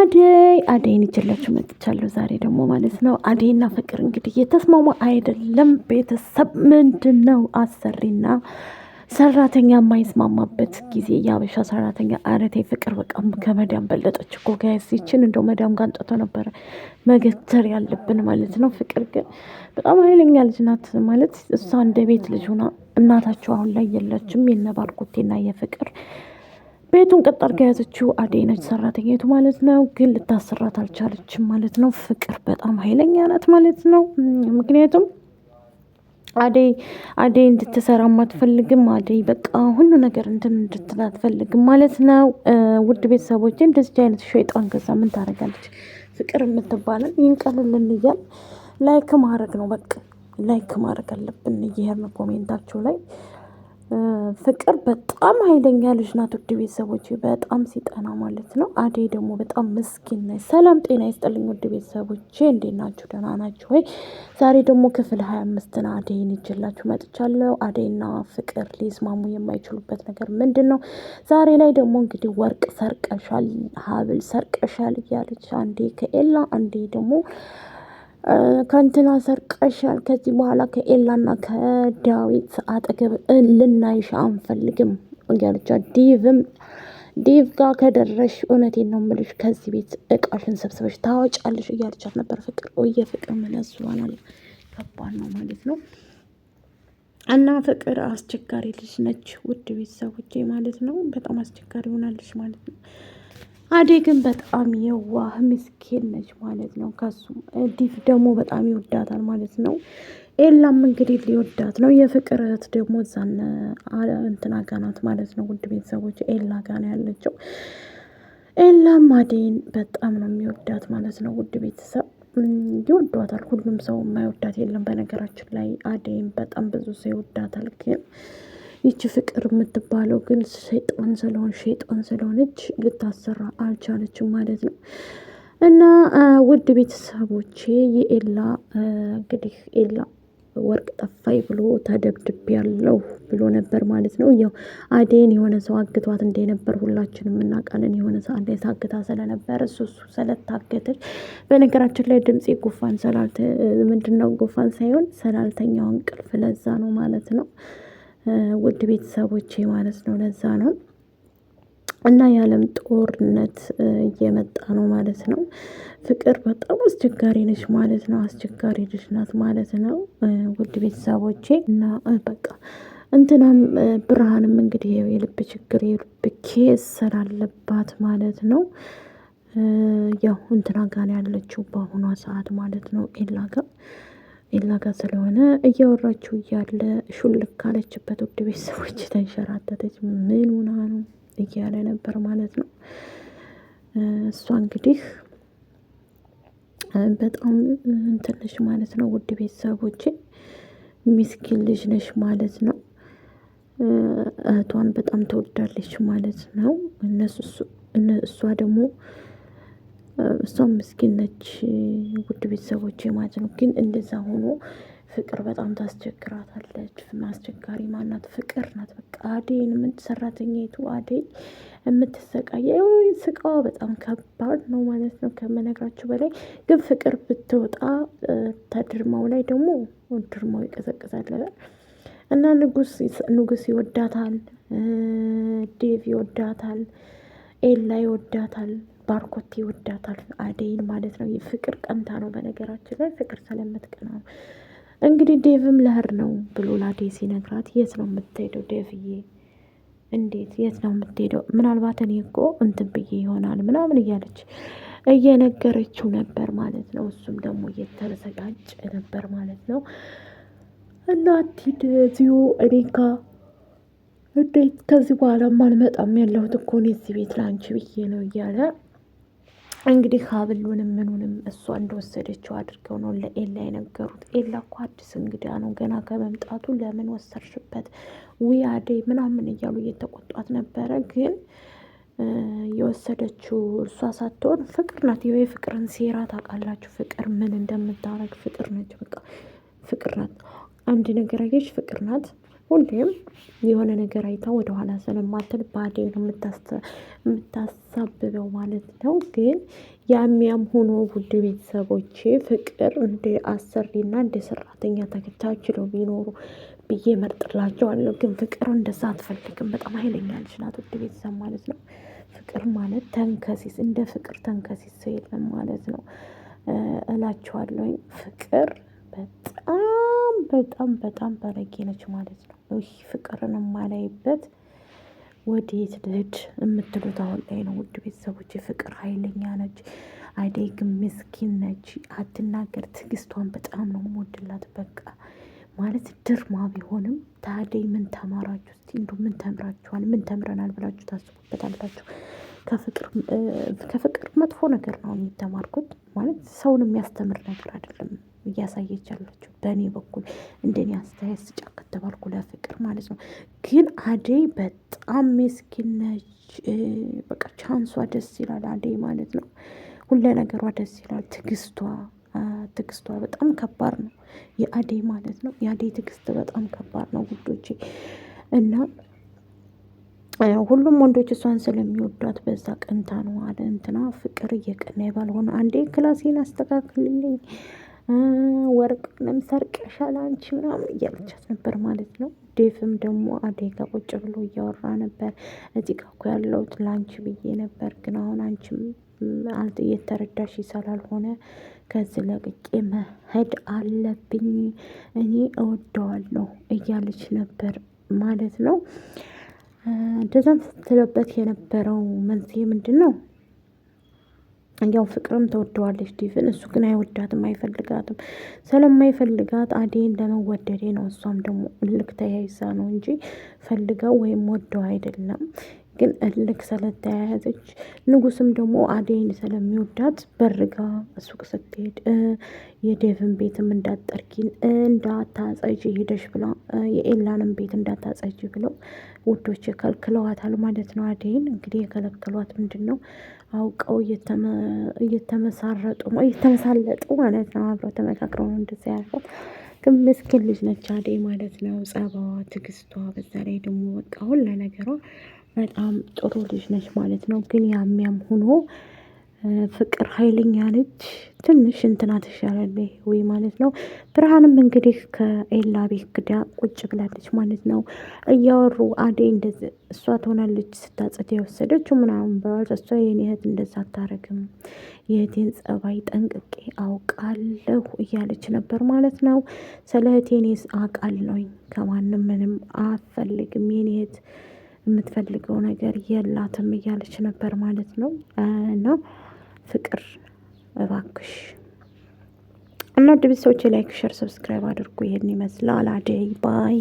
አደይ አደይን ይችላችሁ መጥቻለሁ። ዛሬ ደግሞ ማለት ነው አደይና ፍቅር እንግዲህ የተስማሙ አይደለም። ቤተሰብ ምንድን ነው አሰሪና ሰራተኛ የማይስማማበት ጊዜ የአበሻ ሰራተኛ አረቴ ፍቅር በቃም ከመዳም በለጠች እኮ ጋያሲችን እንደው መዳም ጋር አንጠቶ ነበረ መገተር ያለብን ማለት ነው። ፍቅር ግን በጣም ኃይለኛ ልጅ ናት ማለት እሷ እንደ ቤት ልጅ ሆና እናታቸው አሁን ላይ የለችም የነባርኩቴና የፍቅር ቤቱን ቀጥ ከያዘችው የያዘችው አደይ ነች፣ ሰራተኛቱ ማለት ነው። ግን ልታሰራት አልቻለችም ማለት ነው። ፍቅር በጣም ኃይለኛ ናት ማለት ነው። ምክንያቱም አደይ አደይ እንድትሰራም አትፈልግም። አደይ በቃ ሁሉ ነገር እንትን እንድትል አትፈልግም ማለት ነው። ውድ ቤተሰቦች እንደዚህ አይነት ሸይጣን ገዛ ምን ታደርጋለች? ፍቅር የምትባለን ይህን ቀልልን እያል ላይክ ማድረግ ነው። በቃ ላይክ ማድረግ አለብን። እየሄድን ኮሜንታቸው ላይ ፍቅር በጣም ኃይለኛ ልጅ ናት። ውድ ቤተሰቦች በጣም ሲጠና ማለት ነው። አዴ ደግሞ በጣም ምስኪን ነች። ሰላም ጤና ይስጥልኝ ውድ ቤተሰቦቼ እንዴት ናችሁ? ደህና ናችሁ ወይ? ዛሬ ደግሞ ክፍል ሀያ አምስትን አዴይን ይዤላችሁ መጥቻለሁ። አዴና ፍቅር ሊስማሙ የማይችሉበት ነገር ምንድን ነው? ዛሬ ላይ ደግሞ እንግዲህ ወርቅ ሰርቀሻል፣ ሀብል ሰርቀሻል እያለች አንዴ ከኤላ አንዴ ደግሞ ከንትና ሰርቀሻል። ከዚህ በኋላ ከኤላና ከዳዊት አጠገብ ልናይሽ አንፈልግም እያለች ዲቭም ዲቭ ጋር ከደረሽ እውነቴን ነው ምልሽ ከዚህ ቤት እቃሽን ሰብስበሽ ታወጫለሽ እያለቻት ነበር። ፍቅር ወየ ፍቅር መለዝዋናል ከባድ ነው ማለት ነው። እና ፍቅር አስቸጋሪ ልጅ ነች፣ ውድ ቤተሰቦቼ ማለት ነው። በጣም አስቸጋሪ ሆናለች ማለት ነው። አዴ ግን በጣም የዋህ ምስኪን ነች ማለት ነው። ከሱ ዲፍ ደግሞ በጣም ይወዳታል ማለት ነው። ኤላም እንግዲህ ሊወዳት ነው። የፍቅር እህት ደግሞ እዛን እንትና ጋናት ማለት ነው። ውድ ቤተሰቦች ኤላ ጋና ያለችው። ኤላም አዴን በጣም ነው የሚወዳት ማለት ነው። ውድ ቤተሰብ ይወዷታል። ሁሉም ሰው የማይወዳት የለም። በነገራችን ላይ አዴን በጣም ብዙ ሰው ይወዳታል ግን ይቺ ፍቅር የምትባለው ግን ሸይጣን ስለሆን ሸይጣን ስለሆነች ልታሰራ አልቻለችም ማለት ነው። እና ውድ ቤተሰቦቼ የኤላ እንግዲህ ኤላ ወርቅ ጠፋይ ብሎ ተደብድቤ ያለው ብሎ ነበር ማለት ነው። ያው አዴን የሆነ ሰው አግቷት እንደነበር ሁላችንም እናውቃለን። የሆነ ሰው አንዴ ታግታ ስለነበር እሱ እሱ ስለታገተች በነገራችን ላይ ድምፅ ጉፋን ስላልተ ምንድነው ጉፋን ሳይሆን ስላልተኛው እንቅልፍ ለዛ ነው ማለት ነው። ውድ ቤተሰቦቼ ማለት ነው። ለዛ ነው እና የዓለም ጦርነት እየመጣ ነው ማለት ነው። ፍቅር በጣም አስቸጋሪ ነች ማለት ነው። አስቸጋሪ ልጅ ናት ማለት ነው። ውድ ቤተሰቦቼ እና በቃ እንትናም ብርሃንም እንግዲህ የልብ ችግር የልብ ኬስ ስላለባት ማለት ነው ያው እንትና ጋር ያለችው በአሁኗ ሰዓት ማለት ነው ኤላ ጋር ኤላ ጋር ስለሆነ እያወራችሁ እያለ ሹልክ ካለችበት ውድ ቤት ሰዎች ተንሸራተተች። ምን ሆና ነው እያለ ነበር ማለት ነው። እሷ እንግዲህ በጣም እንትንሽ ማለት ነው። ውድ ቤተሰቦች ሚስኪን ልጅ ነሽ ማለት ነው። እህቷን በጣም ተወዳለች ማለት ነው። እነሱ እሷ ደግሞ እሷም ምስኪን ነች። ውድ ቤተሰቦች ማለት ነው። ግን እንደዛ ሆኖ ፍቅር በጣም ታስቸግራታለች። አስቸጋሪ ማናት? ፍቅር ናት። በቃ አዴን ምን ሰራተኛይቱ አዴ የምትሰቃየ ስቃዋ በጣም ከባድ ነው ማለት ነው ከመነግራችሁ በላይ። ግን ፍቅር ብትወጣ ተድርማው ላይ ደግሞ ድርማው ይቀዘቅዛል እና ንጉስ ንጉስ ይወዳታል፣ ዴቭ ይወዳታል፣ ኤላ ይወዳታል። ባርኮቴ ይወዳታል አደይን ማለት ነው። ፍቅር ቀንታ ነው። በነገራችን ላይ ፍቅር ስለምትቀና ነው። እንግዲህ ዴቭም ለህር ነው ብሎ ላዴ ሲነግራት የት ነው የምትሄደው ዴቭዬ? እንዴት የት ነው የምትሄደው? ምናልባት እኔ እኮ እንትን ብዬ ይሆናል ምናምን እያለች እየነገረችው ነበር ማለት ነው። እሱም ደግሞ እየተዘጋጀ ነበር ማለት ነው። እናቲ ዚሁ እኔ ጋ እንዴት ከዚህ በኋላ አልመጣም ያለሁት እኮ እኔ እዚህ ቤት ለአንቺ ብዬ ነው እያለ እንግዲህ ሀብሉንም ምኑንም እሷ እንደወሰደችው አድርገው ነው ለኤላ የነገሩት። ኤላ እኮ አዲስ እንግዳ ነው ገና ከመምጣቱ ለምን ወሰርሽበት ውያዴ ምናምን እያሉ እየተቆጧት ነበረ። ግን የወሰደችው እሷ ሳትሆን ፍቅር ናት። ይኸው የፍቅርን ሴራ ታውቃላችሁ። ፍቅር ምን እንደምታረግ ፍቅር ነች። በቃ ፍቅር ናት። አንድ ነገር አየች፣ ፍቅር ናት። ሁሌም የሆነ ነገር አይታ ወደኋላ ስለማትል ባዴ ነው የምታሳብበው ማለት ነው። ግን ያሚያም ሆኖ ውድ ቤተሰቦቼ ፍቅር እንደ አሰሪና እንደ ሰራተኛ ተከታችለው ቢኖሩ ብዬ መርጥላቸዋለሁ። ግን ፍቅር እንደዛ አትፈልግም። በጣም ኃይለኛ ልጅ ናት ውድ ቤተሰብ ማለት ነው። ፍቅር ማለት ተንከሲስ፣ እንደ ፍቅር ተንከሲስ ሰው የለም ማለት ነው እላቸዋለሁ። ፍቅር በጣም በጣም በጣም ባለጌ ነች ማለት ነው። ይህ ፍቅርን የማላይበት ወዴት ልሂድ የምትሉት አሁን ላይ ነው። ውድ ቤተሰቦች ፍቅር ኃይለኛ ነች። አደይ ግን ምስኪን ነች፣ አትናገር። ትግስቷን በጣም ነው ሞድላት። በቃ ማለት ድርማ ቢሆንም ታዲያ ምን ተማራችሁ እስቲ? ምን ተምራችኋል? ምን ተምረናል ብላችሁ ታስቡበታላችሁ? ከፍቅር መጥፎ ነገር ነው የሚተማርኩት ማለት ሰውን የሚያስተምር ነገር አይደለም። እያሳየች ያለችው በእኔ በኩል እንደኔ አስተያየት ስጫ ከተባልኩ ለፍቅር ማለት ነው። ግን አደይ በጣም ምስኪን ነች። በቃ ቻንሷ ደስ ይላል። አደይ ማለት ነው ሁለ ነገሯ ደስ ይላል። ትግስቷ ትግስቷ በጣም ከባድ ነው። የአደይ ማለት ነው የአደይ ትግስት በጣም ከባድ ነው ውዶቼ እና ሁሉም ወንዶች እሷን ስለሚወዷት በዛ ቅንታ ነው አለ እንትና ፍቅር እየቀና ባልሆነ አንዴ ክላሴን አስተካክልልኝ ወርቅ ለምሰርቅ ሻል አንቺ ምናምን እያለቻት ነበር ማለት ነው። ዴቭም ደግሞ አደይ ጋ ቁጭ ብሎ እያወራ ነበር። እዚህ ጋ እኮ ያለሁት ለአንቺ ብዬ ነበር፣ ግን አሁን አንቺም አንተ የተረዳሽ ስላልሆነ ከዚህ ለቅቄ መሄድ አለብኝ፣ እኔ እወደዋለሁ እያለች ነበር ማለት ነው። እንደዛም ስትለበት የነበረው መንስኤ ምንድን ነው? ያው ፍቅርም ተወደዋለች ዲቭን፣ እሱ ግን አይወዳትም፣ አይፈልጋትም። ስለማይፈልጋት አዴን ለመወደዴ ነው። እሷም ደግሞ ልክ ተያይዛ ነው እንጂ ፈልገው ወይም ወደው አይደለም። ግን እልክ ስለተያያዘች ንጉስም ደግሞ አደይን ስለሚወዳት በርጋ ሱቅ ስትሄድ የዴቭን ቤትም እንዳትጠርጊን እንዳታጸጂ ሄደሽ ብላ የኤላንም ቤት እንዳታጸጂ ብለው ውዶች ከልክለዋታል ማለት ነው። አደይን እንግዲህ የከለከሏት ምንድን ነው አውቀው እየተመሳረጡ እየተመሳለጡ ማለት ነው። አብረው ተመካክረው ነው እንደዚያ ያልኳት። ግን ምስኪን ልጅ ነች አደይ ማለት ነው። ጸባዋ፣ ትግስቷ፣ በዛ ላይ ደግሞ በቃ ሁላ ነገሯ በጣም ጥሩ ልጅ ነች ማለት ነው። ግን ያም ያም ሆኖ ፍቅር ኃይለኛ ልጅ ትንሽ እንትና ትሻላለች ወይ ማለት ነው። ብርሃንም እንግዲህ ከኤላ ቤት ግዳ ቁጭ ብላለች ማለት ነው። እያወሩ አደይ እንደዚህ እሷ ትሆናለች ስታጸት የወሰደች ምናምን በዋል እሷ የኔ እህት እንደዛ አታረግም፣ የእህቴን ጸባይ ጠንቅቄ አውቃለሁ እያለች ነበር ማለት ነው። ስለ እህቴ አቃል አውቃለሁኝ፣ ከማንም ምንም አፈልግም የኔ እህት የምትፈልገው ነገር የላትም እያለች ነበር ማለት ነው እና ፍቅር እባክሽ እና ውድ ቤተሰቦቼ ላይክ፣ ሸር፣ ሰብስክራይብ አድርጉ። ይህን ይመስላል አደይ ባይ